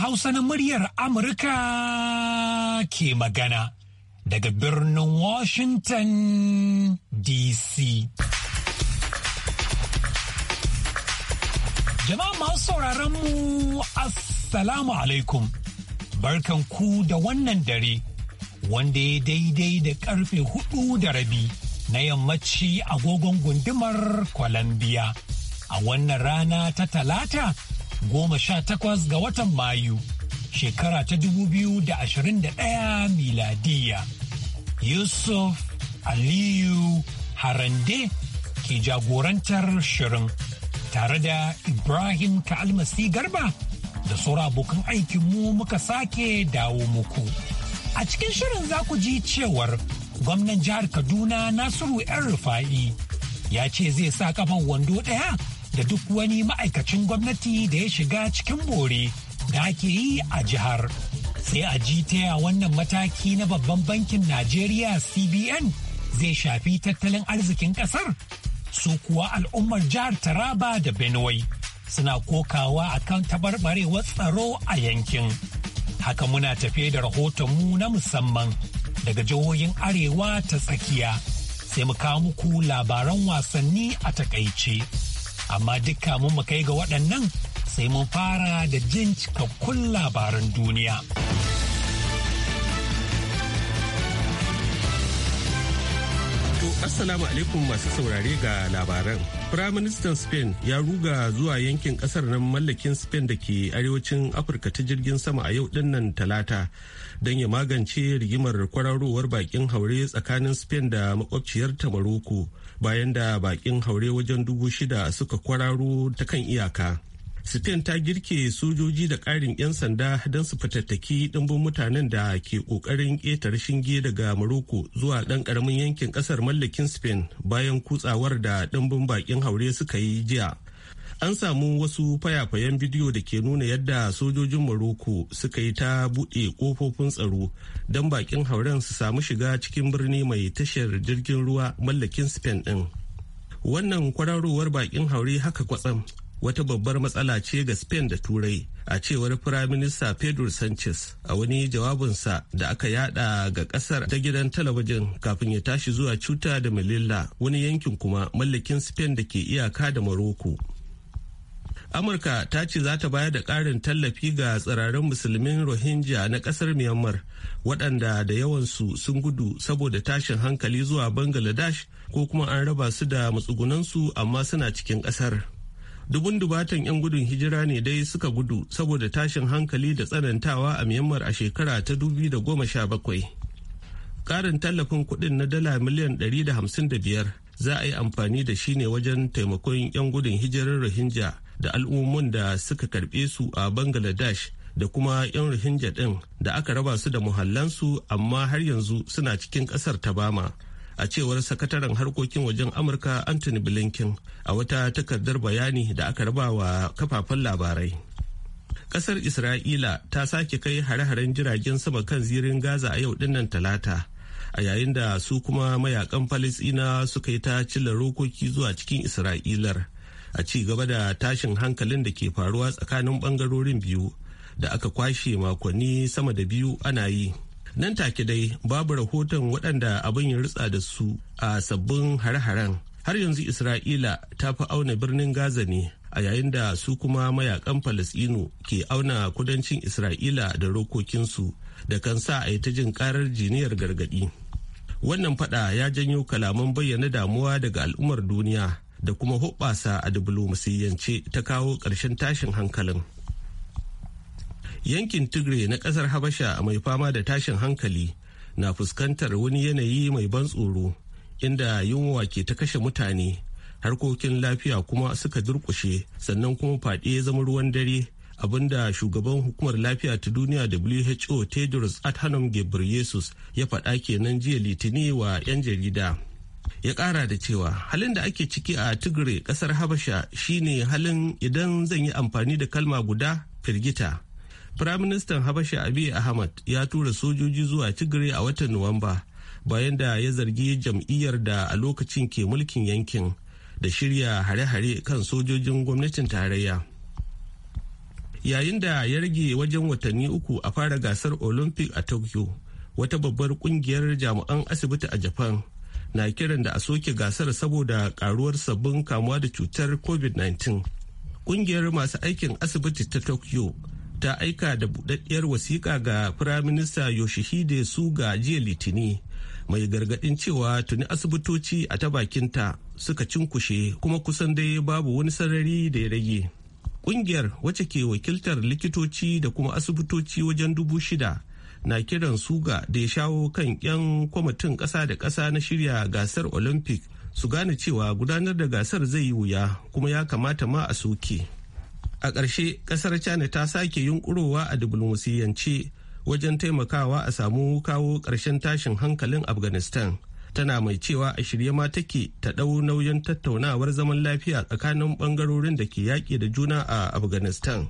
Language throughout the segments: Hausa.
Hausa na muryar Amurka ke magana daga birnin Washington DC. Jama'a masu sauraron mu Assalamu alaikum. Barkan ku da wannan dare wanda ya daidai da karfe hudu da rabi na yammaci agogon gundumar kwalambiya. A wannan rana ta talata goma sha takwas ga watan Mayu shekara ta dubu biyu da ashirin da ɗaya miladiya. Yusuf Aliyu Harande ke jagorantar shirin tare da Ibrahim Kalmasi Garba da sauran abokan aikinmu muka sake dawo muku. A cikin shirin za ku ji cewar gwamnan jihar Kaduna Nasiru 'yan rufa'i ya ce zai sa kafan wando ɗaya da duk wani ma'aikacin gwamnati da ya shiga cikin bore da ake yi a jihar. Sai a ji wannan mataki na babban bankin Najeriya CBN zai shafi tattalin arzikin kasar. Su kuwa al'ummar jihar Taraba da Benue suna kokawa akan tabarbarewar tsaro a yankin. Haka muna tafe da rahotonmu na musamman daga jihohin Arewa ta tsakiya. Sai mu kawo muku labaran wasanni a takaice. amma dukka mun mu kai ga waɗannan sai mun fara da jin cikakkun labaran duniya. Assalamu alaikum masu saurare ga labaran. Firaministan Spain ya ruga zuwa yankin kasar nan mallakin Spain da ke arewacin Afirka ta jirgin sama a yau dinnan talata don ya magance rigimar kwararowar bakin haure tsakanin Spain da makwabciyar ta Maroko bayan da bakin haure wajen dubu shida suka kwararo ta kan iyaka. Spain ta girke sojoji da ƙarin 'yan sanda don su fitattaki ɗimbin mutanen da ke ƙoƙarin ƙetar shinge daga maroko zuwa ɗan ƙaramin yankin ƙasar mallakin Spain bayan kutsawar da ɗimbin bakin haure suka yi jiya an samu wasu fayafayen bidiyo da ke nuna yadda sojojin Morocco suka yi ta buɗe ƙofofin tsaro don bakin hauren su samu shiga cikin birni mai tashar jirgin ruwa mallakin Spain ɗin. Wannan kwararowar bakin haure haka kwatsam wata babbar matsala ce ga Spain da Turai a cewar Firaminista Pedro Sanchez a wani jawabinsa da aka yada ga kasar ta gidan talabijin kafin ya tashi zuwa Cuta da Melilla wani yankin kuma mallakin Spain da ke iyaka da Morocco. amurka ta ce za ta bayar da ƙarin tallafi ga tsirarin musulmin rohingya na ƙasar myanmar waɗanda da yawansu sun gudu saboda tashin hankali zuwa bangladesh ko kuma an raba su da matsugunansu amma suna cikin ƙasar dubun dubatan 'yan gudun hijira ne dai suka gudu saboda tashin hankali da tsanantawa a myanmar a shekara ta sha bakwai. ƙarin tallafin kuɗin na dala miliyan da da hamsin biyar za a yi amfani da shi ne wajen taimakon 'yan gudun hijirar rohingya da al'ummun da suka karbe su a bangladesh da kuma 'yan rohingya ɗin da aka raba su da muhallansu amma har yanzu suna cikin kasar ta bama a cewar sakataren harkokin wajen amurka anthony blinken a wata takardar bayani da aka raba wa kafafen labarai kasar isra'ila ta sake kai hare-haren jiragen sama kan zirin gaza a yau dinnan talata a yayin da su kuma mayakan falisina suka yi ta cilla rokoki zuwa cikin isra'ilar a ci gaba da tashin hankalin da ke faruwa tsakanin bangarorin biyu da aka kwashe makonni sama da biyu ana yi nan take dai babu rahoton waɗanda abin ya ritsa da su a sabbin har haren har yanzu isra'ila ta fi auna birnin gaza ne a yayin da su kuma mayakan falasinu ke auna kudancin isra'ila da rokokinsu da kan sa a yi ta jin karar jiniyar gargadi wannan fada ya janyo kalaman bayyana damuwa daga al'ummar duniya da kuma hoɓasa a diflomasiyance ta kawo ƙarshen tashin hankalin yankin tigray na ƙasar habasha mai fama da tashin hankali na fuskantar wani yanayi mai ban tsoro inda yunwa ke ta kashe mutane harkokin lafiya kuma suka durkushe sannan kuma fadi ya zama ruwan dare abinda shugaban hukumar lafiya ta duniya who tedros adhanom ghebreyesus ya faɗa kenan jiya litini wa 'yan jarida ya kara da cewa halin da ake ciki a tigre kasar habasha shine halin idan zan yi amfani da kalma guda firgita firaministan habasha abiy ahmad ya tura sojoji zuwa tigre a watan nuwamba bayan da ya zargi jam'iyyar da a lokacin ke mulkin yankin da shirya hare-hare kan sojojin gwamnatin tarayya yayin da ya rage wajen watanni uku a fara gasar olympic a tokyo wata babbar kungiyar jami'an asibiti a japan na kiran da a soke gasar saboda karuwar sabbin kamuwa da cutar covid-19 kungiyar masu aikin asibiti ta tokyo ta aika da budaddiyar wasiƙa ga firaminista yoshihide suga jiya litini mai gargadin cewa tuni asibitoci a ta bakinta suka cinkushe kuma kusan dai babu wani sarari da ya rage kungiyar wacce ke wakiltar likitoci da kuma asibitoci wajen dubu shida na kiran suga da ya shawo kan 'yan kwamitin ƙasa da ƙasa na shirya gasar olympic su gane cewa gudanar da gasar zai yi wuya kuma ya kamata ma a soke a ƙarshe ƙasar china ta sake yunkurowa a diflomasiyance wajen taimakawa a samu kawo ƙarshen tashin hankalin afghanistan tana mai cewa a shirye ma take ta ɗau nauyin tattaunawar zaman lafiya tsakanin ɓangarorin da ke yaƙi da juna a afghanistan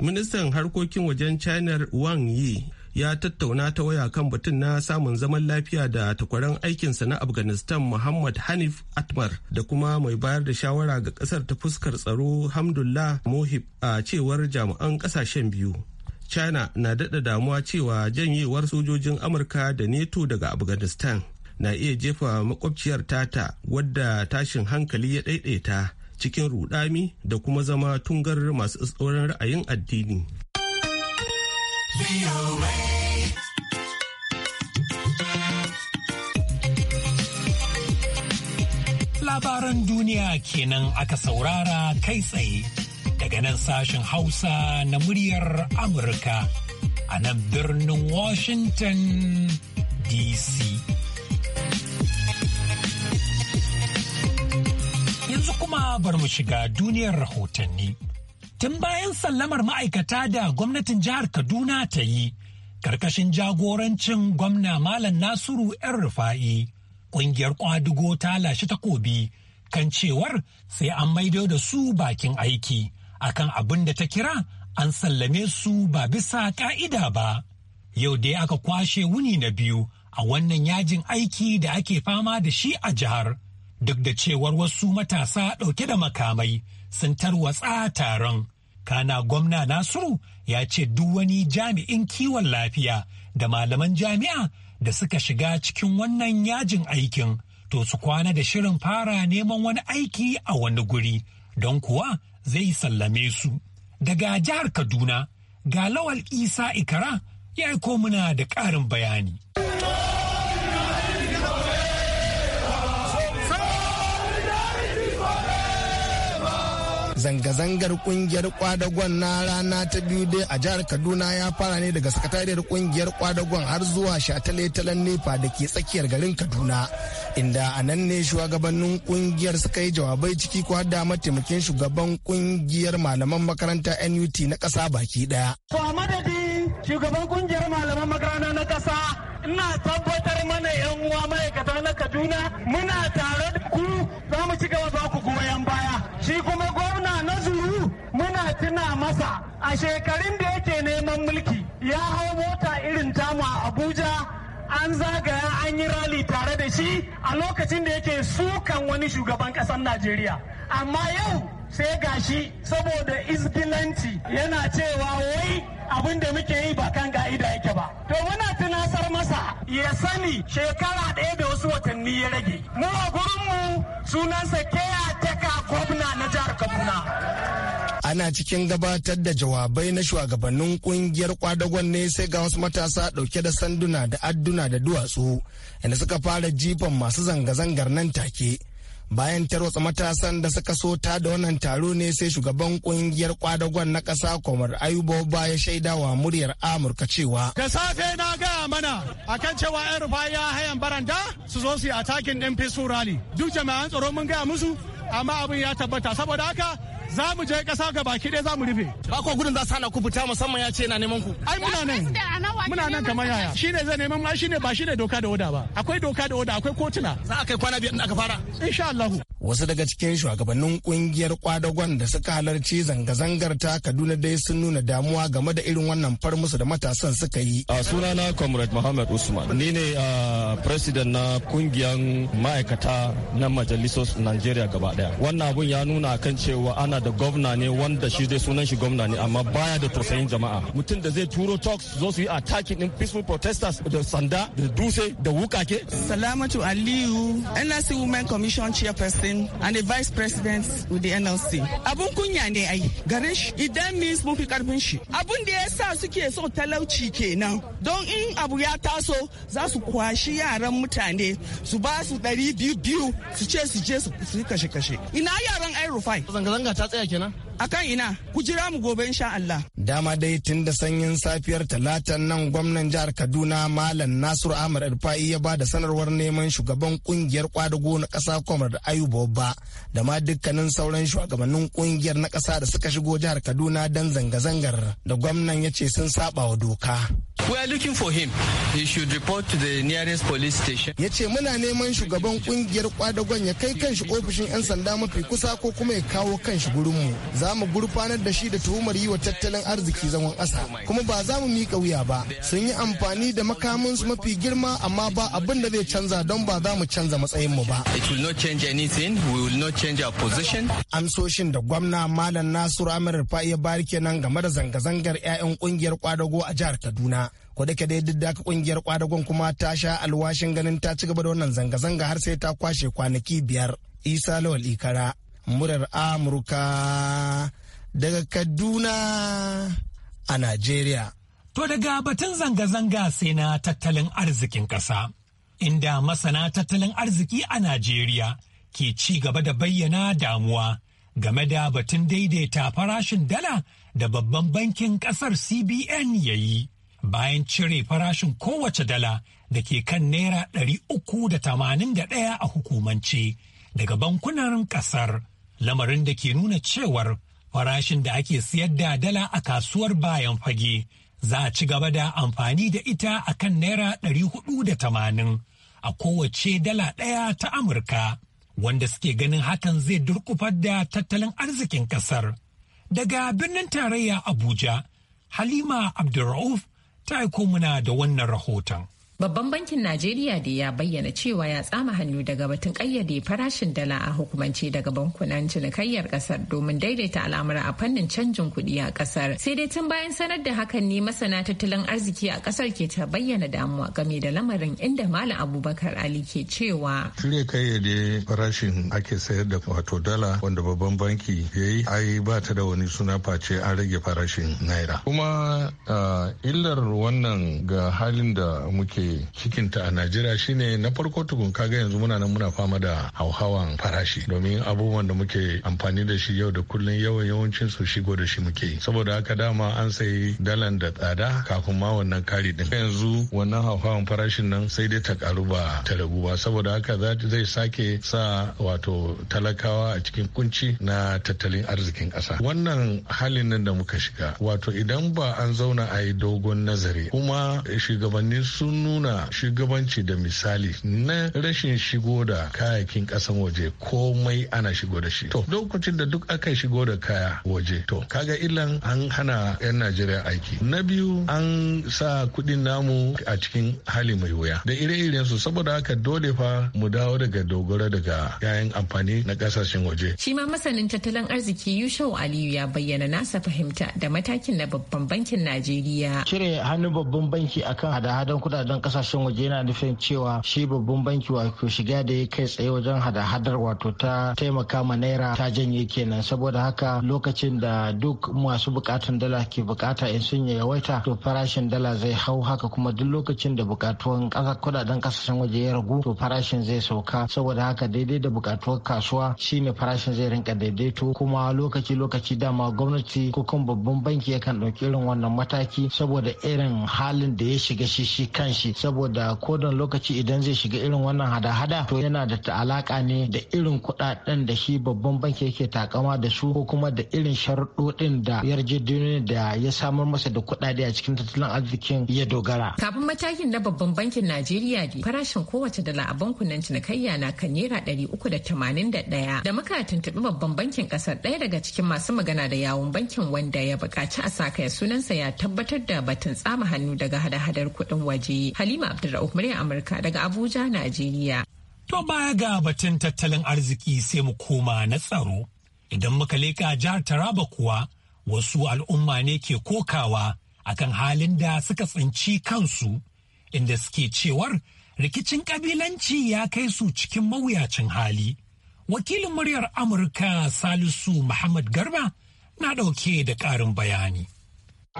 ministan harkokin wajen china wang yi ya tattauna ta waya kan batun na samun zaman lafiya da takwaran aikinsa na afghanistan muhammad hanif atmar da kuma mai bayar da shawara ga kasar ta fuskar tsaro hamdullah mohib a cewar jami'an kasashen biyu china na daɗa damuwa cewa janyewar sojojin amurka da neto daga afghanistan na iya jefa makwabciyar tata wadda tashin hankali ya ɗaiɗaita cikin rudami da kuma zama tungar masu tsoron ra'ayin addini Labaran duniya kenan aka saurara kai tsaye daga nan sashen Hausa na muryar Amurka a nan birnin Washington DC. Yanzu kuma bar mu shiga duniyar rahotanni. tun bayan sallamar ma'aikata da gwamnatin jihar kaduna ta yi karkashin jagorancin gwamna malam nasiru 'yan rufa'i ƙungiyar kwadugo ta lashe takobi kan cewar sai an maido da su bakin aiki akan abin da ta kira an sallame su ba bisa ƙa'ida ba yau dai aka kwashe wuni na biyu a wannan yajin aiki da ake fama da shi a jihar duk da cewar wasu matasa ɗauke da makamai sun tarwatsa taron. Kana gwamna Nasiru ya ce duk wani jami'in kiwon lafiya da malaman jami'a da suka shiga cikin wannan yajin aikin to su kwana da shirin fara neman wani aiki a wani guri don kuwa zai sallame su. Daga jihar Kaduna, ga Lawal Isa Ikara ya yi muna da ƙarin bayani. zanga-zangar kungiyar kwadagon na rana ta biyu dai a jihar kaduna ya fara ne daga sakatariyar kungiyar kwadagon har zuwa shataletalen nefa da ke tsakiyar garin kaduna inda a nan ne shugabannin kungiyar suka yi jawabai ciki ko da mataimakin shugaban kungiyar malaman makaranta nut na kasa baki daya. to a madadi shugaban kungiyar malaman makaranta na kasa ina tabbatar mana yan uwa ma'aikata na kaduna muna tare da ku za mu ci masa a shekarun da yake neman mulki ya hau mota irin tamu a abuja an zagaya an yi rali tare da shi a lokacin da yake sukan wani shugaban ƙasar najeriya amma yau sai ga shi saboda izgilanci yana cewa wai abin da muke yi ba kan ga'ida yake ba. To muna tunasar masa ya sani shekara ɗaya da wasu watanni ya rage. Mu a gurinmu sunansa keya taka gwamna na jihar Kaduna. ana cikin gabatar da jawabai na shugabannin kungiyar kwadagon ne sai ga wasu matasa dauke da sanduna da adduna da duwatsu inda suka fara jifan masu zanga-zangar nan take bayan tarwatsa matasan da suka so ta da wannan taro ne sai shugaban kungiyar kwadagon na ƙasa kwamar ayuba ba ya shaida wa muryar amurka cewa da safe na ga mana akan cewa yan rufa ya hayan baranda su zo su yi atakin din peaceful rally duk jama'an tsaro mun gaya musu amma abin ya tabbata saboda haka za mu je kasa ga baki ɗaya za mu rufe. Ba ko gudun za su hana ku fita musamman ya ce na neman ku. Ai muna nan. Muna nan kamar yaya. Shi ne zai neman ma shi ba shi ne doka da oda ba. Akwai doka da oda akwai kotuna. Za a kai kwana biyar aka fara. Insha Allahu. wasu daga cikin shugabannin kungiyar kwadagon da suka halarci zanga-zangar ta kaduna dai sun nuna damuwa game da irin wannan farmusu da matasan suka yi a sunana comrade muhammad usman ni ne a president na kungiyar ma'aikata na majalisar nigeria gaba daya wannan abun ya nuna kan cewa ana da gwamna ne wanda shi dai sunan shi gwamna ne amma baya da tausayin jama'a mutum da zai turo talks zo su yi attacking din peaceful protesters da sanda da dutse da wukake salamatu aliyu nlc women commission chairperson president and a vice president with the NLC. Abun kunya ne ai gare shi idan means mun fi karfin shi. Abun da ya sa suke so talauci kenan. Don in abu ya taso za su kwashi yaran mutane su ba su ɗari biyu biyu su ce su je su kashe-kashe. Ina yaran ai rufai. Zanga-zanga ta tsaya kenan? akan ina ku jira mu gobe insha Allah. Dama dai tun da sanyin safiyar talatan nan gwamnan jihar Kaduna Malam Nasiru Ahmad Alfa'i ya ba da sanarwar neman shugaban kungiyar kwadago na kasa Comrade Ayuba da ma dukkanin sauran shugabannin kungiyar na kasa da suka shigo jihar Kaduna dan zanga-zangar da gwamnan ya ce sun saba wa doka. We are looking for him. He should report to the nearest police station. Ya ce muna neman shugaban kungiyar kwadagon ya kai kanshi ofishin 'yan sanda mafi kusa ko kuma ya kawo kanshi gurinmu. za mu gurfanar da shi da tuhumar yi wa tattalin arziki zaman ƙasa kuma ba za mu miƙa wuya ba sun yi amfani da makaminsu mafi girma amma ba abin da zai canza don ba za mu canza matsayin mu ba it will not change anything we will not change our position amsoshin da gwamna malam nasiru amir rufa'i ya bari kenan game da zanga-zangar 'ya'yan kungiyar kwadago a jihar kaduna ko da dai duk da kungiyar kwadagon kuma ta sha alwashin ganin ta ci gaba da wannan zanga-zanga har sai ta kwashe kwanaki biyar isa lawal ikara murar Amurka daga Kaduna a Najeriya. To daga batun zanga-zanga sai na tattalin arzikin ƙasa, inda masana tattalin arziki a Najeriya ke ci gaba da bayyana damuwa game da batun daidaita farashin dala da babban bankin ƙasar CBN ya yi. Bayan cire farashin kowace dala da ke kan Naira 381 a hukumance daga bankunan ƙasar. lamarin da ke nuna cewar farashin da ake siyar da dala a kasuwar bayan fage za a ci gaba da amfani da ita a kan naira 480 a kowace dala ɗaya ta amurka wanda suke ganin hakan zai durkufar da tattalin arzikin ƙasar daga birnin tarayya abuja halima abdulrauf ta aiko muna da wannan rahoton Babban bankin Najeriya da ya bayyana cewa ya tsama hannu daga batun kayyade farashin dala a hukumance daga bankunan cinikayyar kasar domin daidaita al'amura a fannin canjin kuɗi a kasar. Sai dai tun bayan sanar da hakan ne masana tattalin arziki a kasar ke ta bayyana damuwa game da lamarin inda Malam Abubakar Ali ke cewa. Shirya kayyade farashin ake sayar da wato dala wanda babban banki ya yi ai ba ta da wani suna face an rage farashin naira. Kuma ah, illar wannan ga halin da muke cikin cikinta a najeriya shine na farko tukun kaga yanzu muna nan muna fama da hauhawan farashi domin abubuwan da muke amfani da shi yau da kullun yawan yawancin su shigo da shi muke saboda haka dama an sayi dalan da tsada kafin ma wannan kari din yanzu wannan hauhawan farashin nan sai dai ta karu ba ta ragu ba saboda haka zai sake sa wato talakawa a cikin kunci na tattalin arzikin ƙasa wannan halin nan da muka shiga wato idan ba an zauna a yi dogon nazari kuma shugabanni sun nuna shugabanci da misali na rashin shigo da kayayyakin kasan waje komai ana shigo da shi to lokacin da duk aka shigo da kaya waje to kaga illan an hana 'yan najeriya aiki na biyu an sa kudin namu a cikin hali mai wuya da ire-iren su saboda haka dole fa mu dawo daga dogara daga yayan amfani na kasashen waje shi ma masanin tattalin arziki yushau aliyu ya bayyana nasa fahimta da matakin na babban bankin najeriya cire hannu babban banki akan hada-hadan kudaden kasashen waje yana nufin cewa shi babban banki wato shiga da ya kai tsaye wajen hada-hadar wato ta taimaka ma naira ta janye kenan saboda haka lokacin da duk masu bukatan dala ke bukata in sun yawaita to farashin dala zai hau haka kuma duk lokacin da bukatuwan kudaden kasashen waje ya ragu to farashin zai sauka saboda haka daidai da bukatuwar kasuwa shine farashin zai rinka daidaito kuma lokaci-lokaci dama gwamnati ko kan babban banki yakan ɗauki irin wannan mataki saboda irin halin da ya shiga shi shi kanshi saboda kodon lokaci idan zai shiga irin wannan hada-hada to yana da ta alaka ne da irin kudaden da shi babban banki yake takama da su ko kuma da irin sharuɗoɗin da yarjejeniyar da ya samar masa da kudade a cikin tattalin arzikin ya dogara. Kafin matakin na babban bankin Najeriya ne farashin kowace dala a bankunan cinikayya na kan naira ɗari uku da tamanin da ɗaya da muka tuntuɓi babban bankin ƙasar ɗaya daga cikin masu magana da yawun bankin wanda ya buƙaci a sakaya sunansa ya tabbatar da batun tsama hannu daga hada-hadar kuɗin waje. Halima Abdulra'uf murya Amurka daga Abuja, Najeriya. To baya ga batun tattalin arziki sai mu koma na tsaro. Idan muka leƙa jihar Taraba kuwa wasu al'umma ne ke kokawa akan halin da suka tsinci kansu inda suke cewar rikicin kabilanci ya kai su cikin mawuyacin hali. Wakilin muryar Amurka Salisu Muhammad Garba na ɗauke da ƙarin bayani.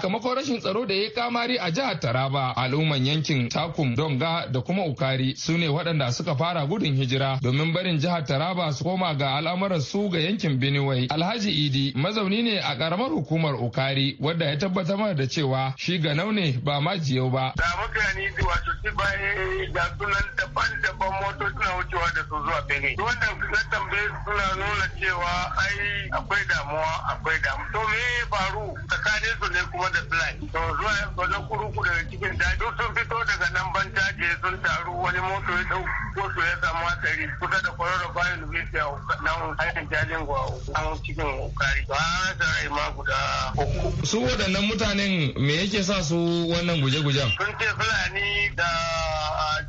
sakamakon rashin tsaro da ya kamari a jihar Taraba al'umman yankin Takum Donga da kuma Ukari su ne waɗanda suka fara gudun hijira domin barin jihar Taraba su koma ga al'amuran su ga yankin Benue. Alhaji Idi mazauni ne a ƙaramar hukumar Ukari wadda ya tabbatar mana da cewa shi ga naune ba ma jiyau ba. Da mutane da wato ci baye da sunan daban-daban motoci na wucewa da su zuwa Benue. Wannan na tambaye suna nuna cewa ai akwai damuwa akwai damuwa. To me faru tsakanin ne kuma shigo da fly to zuwa wajen kuruku daga cikin daji duk sun fito daga nan ban daji sun taru wani moto ya dau moto ya samu hatsari kusa da kwararra bayan da bai fiya nan hayan jajin gwa an cikin kari ba an rai ma guda uku. su waɗannan mutanen me yake sa su wannan guje-gujen? sun ce fulani da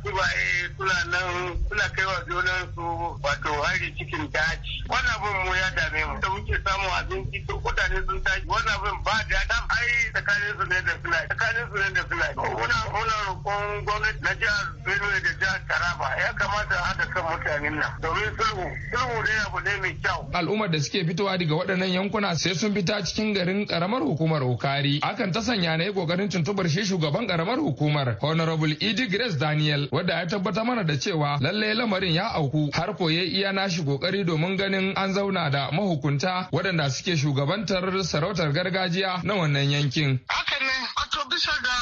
jibaye suna nan suna kai wa junan su wato hari cikin daji wannan abin mu ya dame mu da muke samun abinci to kudade sun tashi wannan abin ba da dan ai tsakanin su ne da fulani tsakanin su ne da fulani muna muna roƙon gwamnati na jihar Benue da jihar Taraba ya kamata a haɗa kan mutanen nan domin sulhu sulhu ne abu ne mai kyau al'ummar da suke fitowa daga waɗannan yankuna sai sun fita cikin garin karamar hukumar Okari akan ta sanya ne kokarin tuntubar shi shugaban karamar hukumar honorable Idi Grace Daniel daniel wadda ya tabbatar mana da cewa lallai lamarin ya auku har koye iya nashi kokari domin ganin an zauna da mahukunta waɗanda suke shugabantar sarautar gargajiya na wannan yankin haka bisa ga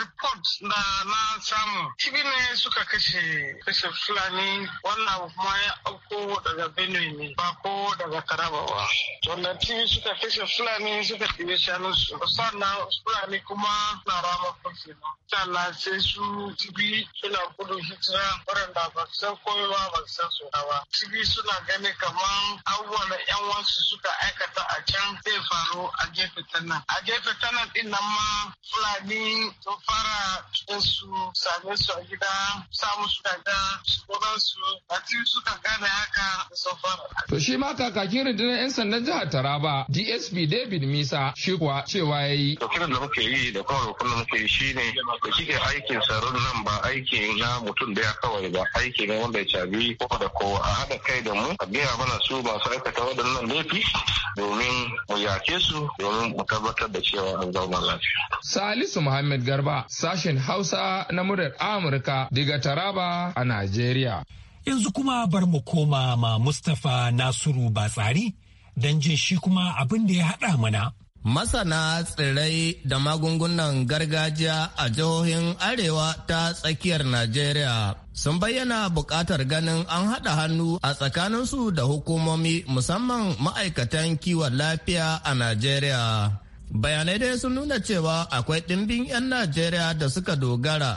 report da na samu cibi ne suka kashe kashe fulani wannan kuma ya auko daga benue ne ba ko daga taraba ba wannan cibi suka kashe fulani suka tiye shanu su sannan fulani kuma na rama kurfi sannan sai su cibi suna gudun hijira waɗanda ba su san komai ba ba su san su ba cibi suna gani kamar abubuwan da yan wasu suka aikata a can zai faru a gefe ta a gefe ta din nan ma fulani fulani to fara cikin su same su a gida samu su kaga shugaban su a suka gane haka da sun fara. To shi ma kakakin rundunar 'yan sandan jihar Taraba DSP David Misa shi kuwa cewa ya yi. Da kiran da muke yi da kuma roƙon muke yi shine da kike aikin tsaron nan ba aiki na mutum daya kawai ba aiki ne wanda ya cabi kowa da kowa a haɗa kai da mu a biya mana su masu aikata waɗannan laifi domin mu yake su domin mu tabbatar da cewa an zauna lafiya. Salisu Muhammad Garba sashen Hausa na muryar Amurka daga Taraba a Najeriya. Yanzu kuma bar mu koma ma Mustapha Nasiru Batsari don jin shi kuma abin da ya haɗa mana. Masana tsirrai da magungunan gargajiya a jihohin Arewa ta tsakiyar Najeriya sun bayyana buƙatar ganin an haɗa hannu a tsakaninsu da hukumomi musamman ma'aikatan kiwon lafiya a Najeriya. Bayanai dai sun nuna cewa akwai ɗimbin 'yan Najeriya da suka dogara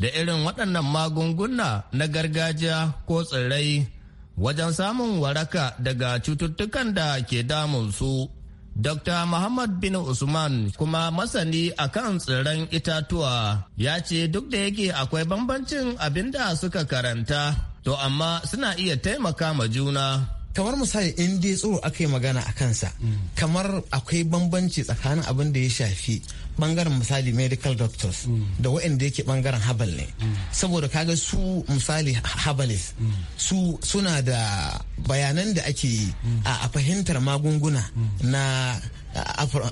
da irin waɗannan magunguna na gargajiya ko tsirrai wajen samun waraka daga cututtukan da ke damunsu. su. Dr. Muhammad bin Usman kuma masani a kan tsirran itatuwa ya ce duk da yake akwai bambancin abin da suka karanta, to amma suna iya taimaka ma juna. kamar misali in dai tsoro aka yi magana a kansa kamar akwai bambanci tsakanin abin da ya shafi bangaren misali medical doctors da waɗanda yake bangaren habal ne saboda kaga su misali habalis su suna da bayanan da ake yi a fahimtar magunguna na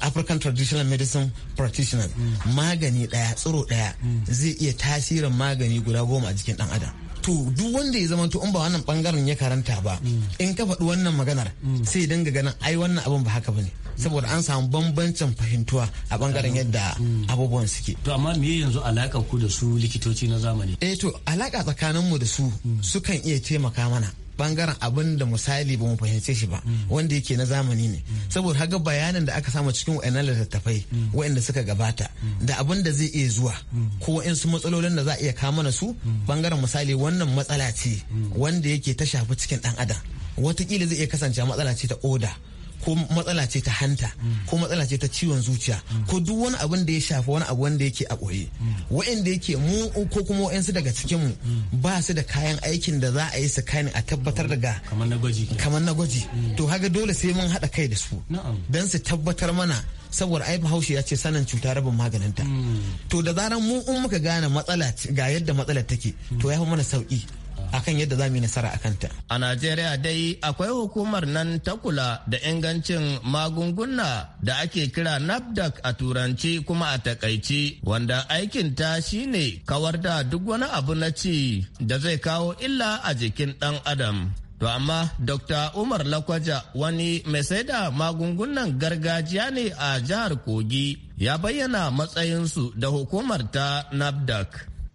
african traditional medicine practitioner magani ɗaya tsoro ɗaya zai iya tasirin magani guda goma a jikin ɗan adam to duk wanda ya zama to in ba wannan bangaren ya karanta ba mm. in ka faɗi wannan maganar mm. sai dinga ganin ai wannan abin ba haka bane mm. saboda an samu bambancin fahimtuwa a bangaren yadda abubuwan suke to amma me yanzu alaka ku da su likitoci na zamani eh to alaka tsakanin mu da su sukan iya taimaka mana bangaren abin da misali ba mu fahimce shi ba mm. wanda yake na zamani ne mm. saboda haga bayanin da aka samu cikin wa'annan littattafai mm. wa'anda suka gabata da abin da zai iya zuwa ko su matsalolin da za a iya kama na su bangaren misali wannan matsala ce wanda yake ta shafi cikin dan adam watakila zai iya kasance matsala ce ta oda ko matsala ce ta hanta ko matsala ce ta ciwon zuciya ko duk wani abin da ya shafa wani abu wanda yake a ɓoye wa'inda yake mu ko kuma wa'insu daga cikinmu ba su da kayan aikin da za a yi sakanin a tabbatar mm. daga kamar na gwaji mm. to haga dole sai mun haɗa kai da su don su tabbatar mana saboda ai bahaushe ya ce sanin cuta rabin maganinta mm. to da zaran mu in muka gane matsala ga yadda matsalar take to ya fi mana sauki akan yadda za mu yi nasara akan ta. A Najeriya dai akwai hukumar nan ta kula da ingancin magunguna da ake kira NAFDAC a turanci kuma a takaici wanda aikin ta shine kawar da duk wani abu na ci da zai kawo illa a jikin ɗan adam. To amma Dr. Umar Lakwaja wani mai sai da magungunan gargajiya ne a jihar Kogi ya bayyana matsayinsu da hukumar ta NAFDAC.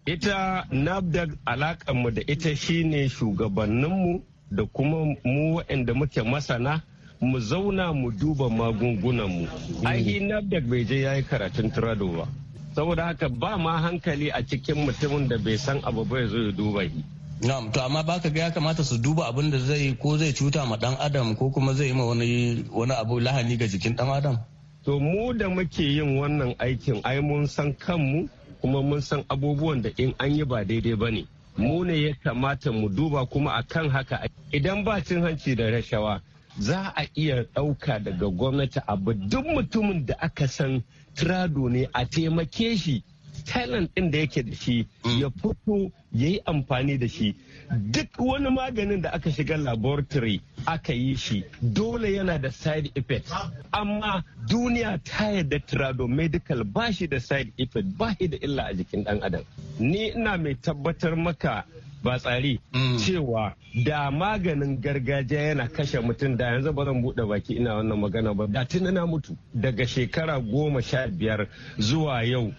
ita nafdag alakanmu da ita shine shugabanninmu da kuma mu waɗanda muke masana mu zauna mu duba magungunanmu mu. mm. nafdag bai je ya yi karatun tirado ba saboda haka ba ma hankali a cikin mutumin da bai san abu bai zo ya duba shi Na'am to amma baka ga ya kamata su duba abin da zai ko zai cuta ma dan adam ko kuma zai yi ma wani wani abu lahani ga jikin dan adam. To mu da muke yin wannan aikin ai mun san kanmu kuma mun san abubuwan da in an yi ba daidai ba ne mu ne ya kamata mu duba kuma a kan haka idan ba cin hanci da rashawa za a iya ɗauka daga gwamnati abu duk mutumin da aka san trado ne a taimake shi talent ɗin da yake da shi mm. ya fito ya yi amfani da shi duk wani maganin da aka shiga laboratory aka yi shi dole yana da side effect amma duniya ta yadda tradomedical ba shi da side effect ba shi da illa a jikin ɗan adam ni ina mai tabbatar maka ba tsari mm. cewa da maganin gargajiya yana kashe mutum da yanzu ba zan buɗe baki ina wannan magana ba da tun ina mutu daga shekara goma sha biyar zuwa yau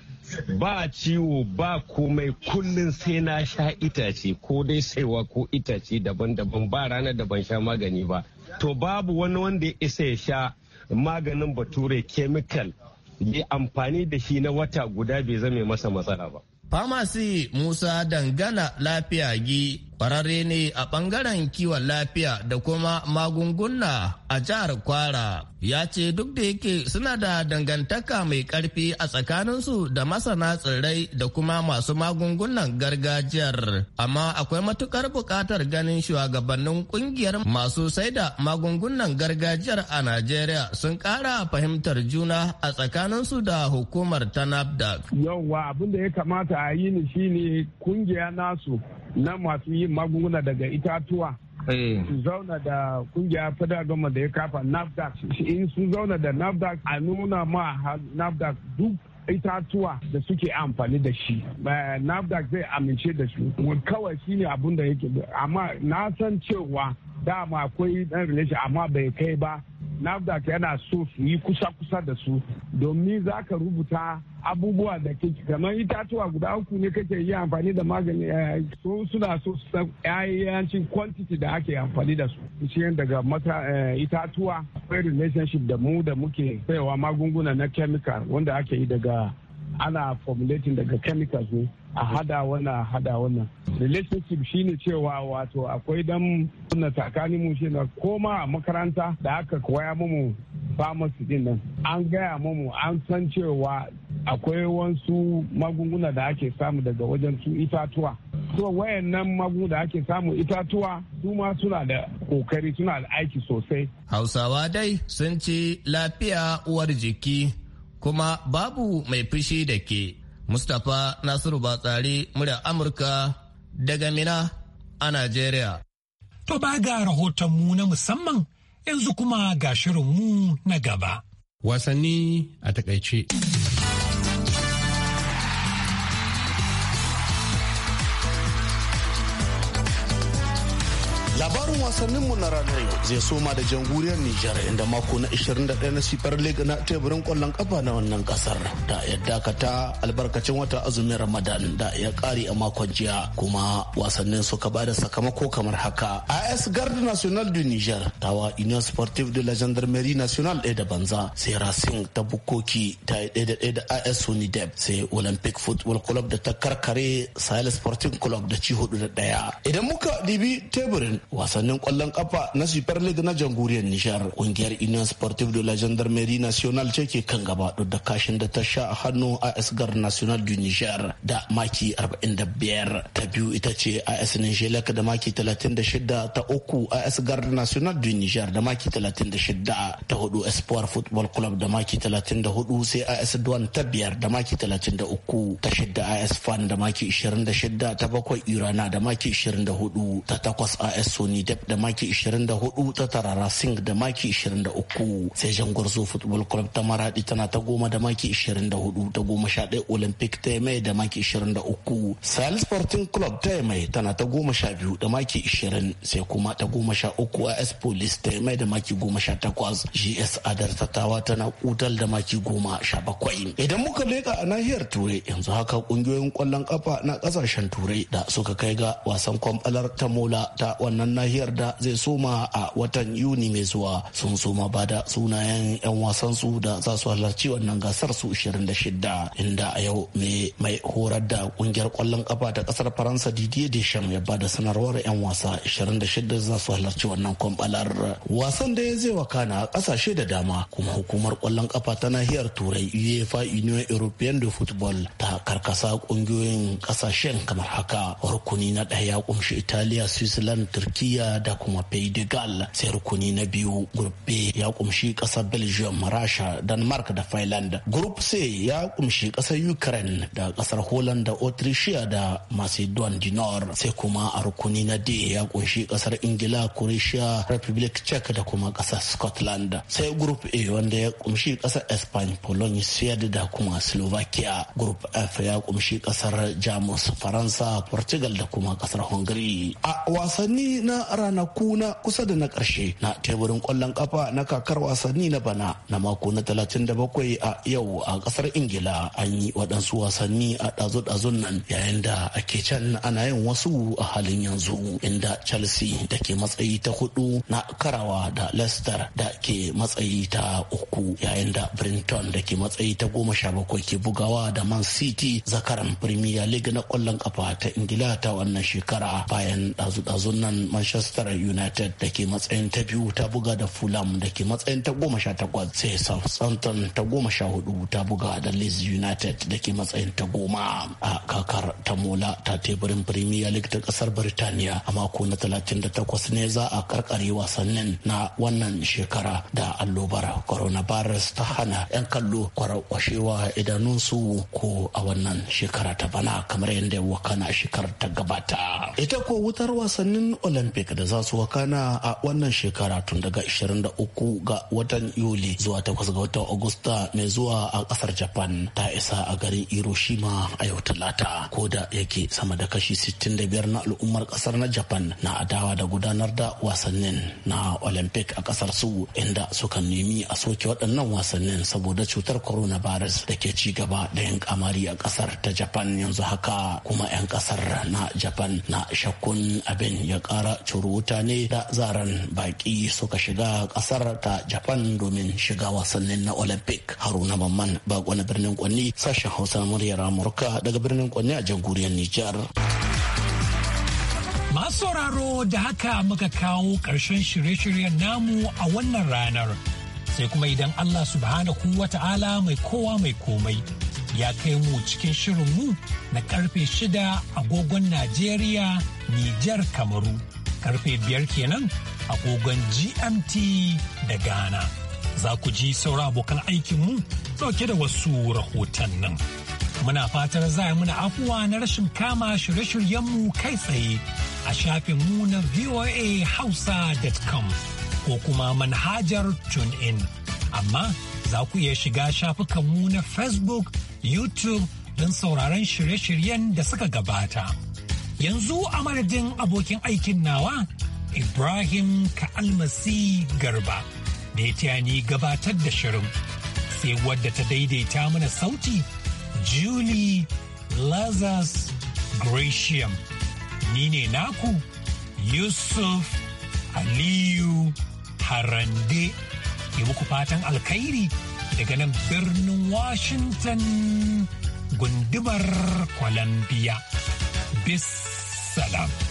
ba ciwo ba komai kullum sai na sha itace ko dai saiwa ko itace daban-daban ba rana da ban sha magani ba to babu wani wanda ya isa ya sha maganin bature chemical ya amfani da shi na wata guda bai zame masa matsala ba. Famasi Musa Dangana Lafiya Gi kwararre ne a ɓangaren kiwon lafiya da kuma magunguna a jihar kwara ya ce duk da yake suna da dangantaka mai karfi a tsakaninsu da masana tsirrai da kuma masu magungunan gargajiyar amma akwai matukar buƙatar ganin shugabannin ƙungiyar masu sai da magungunan gargajiyar a najeriya sun ƙara fahimtar juna a tsakaninsu da hukumar ta nafdac yauwa abin da ya kamata a yi ni shine kungiya nasu na masu yin magunguna daga itatuwa eh. su zauna da kungiyar federal government da ya kafa nafdac in su zauna da nafdac a nuna ma nafdac duk itatuwa da suke amfani da shi nafdac zai amince da su kawai shine abun da yake amma na san cewa dama akwai dan relation amma bai kai ba nafdac yana so su yi kusa-kusa da su domin za ka rubuta abubuwa da kake kamar itatuwa guda uku ne kake yi amfani da magani eh, so suna so su san yayancin quantity da ake amfani da su shi daga mata eh, itatuwa akwai relationship da mu da muke saiwa magunguna na chemical wanda ake yi daga ana formulating daga chemicals ne a hada wannan hada wannan relationship shine cewa wato akwai dan na tsakanin mu shi na koma a makaranta da aka koya mu pharmacy din nan an gaya mu an san cewa akwai wasu magunguna da ake samu daga wajen su itatuwa so wayannan magunguna da ake samu itatuwa su ma suna da kokari suna da aiki sosai hausawa dai sun ci lafiya uwar jiki kuma babu mai fushi da ke mustapha nasiru batsari murya amurka daga Mina a Najeriya. To ba ga rahotonmu na musamman yanzu kuma ga shirinmu na gaba. Wasanni a takaice. wasanninmu na ranar yau zai soma da jamhuriyar Nijar inda mako na 21 na Super League na teburin kwallon kafa na wannan kasar da ya dakata albarkacin wata azumin Ramadan da ya kare a makon jiya kuma wasannin suka bada sakamako kamar haka. AS Garde National du Niger tawa Union Sportive de la Gendarmerie national ɗaya da banza sai Racing ta Bukoki ta yi ɗaya da ɗaya da AS Unidep sai Olympic Football Club da ta karkare Sahel Sporting Club da ci hudu da ɗaya. Idan muka dibi teburin wasannin kwallon kafa na super league na jamhuriyar nishar kungiyar union sportive de la gendarmerie nationale ce ke kan gaba da kashin da ta sha a hannu as gar national du nishar da maki 45 ta biyu ita ce as nishelek da maki 36 ta uku as gar national du nishar da maki 36 ta hudu espoir football club da maki 34 sai as duwan ta biyar da maki 33 ta shida as fan da maki 26 ta bakwai irana da maki 24 ta takwas as sony da da maki 24 ta tarara sing da maki 23 sai gwarzo football club ta maradi tana ta goma da maki 24 ta goma sha ɗaya olympic ta mai da maki 23 sahel sporting club ta mai tana ta goma sha biyu da maki 20 sai kuma ta goma sha uku s police ta mai da maki goma sha takwas gs adar tattawa tana kutal da maki goma sha bakwai idan muka leka a nahiyar turai yanzu haka kungiyoyin kwallon kafa na kasashen turai da suka kai ga wasan kwamfalar ta mola ta wannan nahiyar da da zai soma a watan yuni mai zuwa sun soma ba da sunayen 'yan wasan su da za su halarci wannan gasar su 26 inda a yau mai horar da kungiyar kwallon kafa ta kasar faransa didier deschamps ya bada sanarwar 'yan wasa 26 za su halarci wannan kwambalar wasan da ya zai wakana a kasashe da dama kuma hukumar kwallon kafa ta nahiyar turai uefa union european de football ta karkasa kungiyoyin kasashen kamar haka rukuni na daya ya kumshi italiya switzerland turkiya da kuma pedigal de Galles sai rukuni na biyu Group B ya kumshi kasar Belgium, Rasha, Denmark da Finland. Group C ya kumshi kasar Ukraine da kasar Holland da da Macedon du Nord sai kuma a rukuni na D ya kunshi kasar Ingila, Croatia, Republic Czech da kuma kasar Scotland. Sai Group A wanda ya kumshi kasar Spain, Poland, Sweden da kuma Slovakia. Group F ya kumshi kasar Jamus, Faransa, Portugal da kuma kasar Hungary. A wasanni na rana kuna kusa da na ƙarshe na teburin ƙwallon ƙafa na kakar wasanni na bana na mako na 37 a yau a ƙasar ingila an yi waɗansu wasanni a ɗazu-ɗazun nan yayin da ake can ana yin wasu a halin yanzu inda chelsea da ke matsayi ta hudu na karawa da leicester da ke matsayi ta uku yayin da brinton da ke matsayi ta goma sha bakwai ke bugawa da man city zakaran premier league na ƙwallon ƙafa ta ingila ta wannan shekara bayan ɗazu-ɗazun nan manchester nasara united da ke matsayin ta biyu ta buga da fulham da ke matsayin ta goma sha takwas sai southampton ta goma sha hudu ta buga da leeds united da ke matsayin ta goma a kakar ta mola ta teburin premier league ta kasar birtaniya a mako na talatin da takwas ne za a karkare wasannin na wannan shekara da allobar coronavirus ta hana 'yan kallo kwarakwashewa idanunsu ko a wannan shekara ta bana kamar yadda wakana shekarar ta gabata ita ko wutar wasannin olympic da za za su wakana a wannan shekara tun daga 23 ga watan Yuli zuwa 8 ga watan Agusta mai zuwa a kasar Japan ta isa a garin Hiroshima a yau Talata. Ko da yake sama da kashi 65 na al'ummar kasar na Japan na adawa da gudanar da wasannin na Olympic a kasar su inda suka nemi a soke waɗannan wasannin saboda cutar coronavirus da ke ci gaba da yin kamari a kasar ta Japan yanzu haka kuma 'yan kasar na Japan na shakkun abin ya ƙara curu mutane da zaren baki suka shiga kasar ta japan domin shiga wasannin na olympic haruna mamman bako na birnin kwanni sashen hausa muryar amurka daga birnin kwanni a jamhuriyar nijar masu sauraro da haka muka kawo karshen shirye-shiryen namu a wannan ranar sai kuma idan allah subhanahu wa ta'ala mai kowa mai komai ya kai mu cikin shirinmu na karfe shida agogon Najeriya, Nijar, Kamaru, karfe biyar kenan a kogon GMT da Ghana. Za ku ji saura abokan aikinmu ɗauke da wasu rahotannin. Muna fatar za muna afuwa na rashin kama shirye-shiryenmu kai tsaye a shafin mu na voahausa.com ko kuma manhajar TuneIn. Amma za ku iya shiga shafukanmu na Facebook, YouTube don sauraron shirye-shiryen da suka gabata. Yanzu a madadin abokin aikin nawa Ibrahim Ka'almasi Garba da ya taya ni gabatar da shirin sai wadda ta daidaita mana sauti Julie Lazarus Gratiam. Ni ne naku Yusuf Aliyu Harande ke muku fatan alkhairi daga nan birnin Washington gundumar Columbia. bis salam.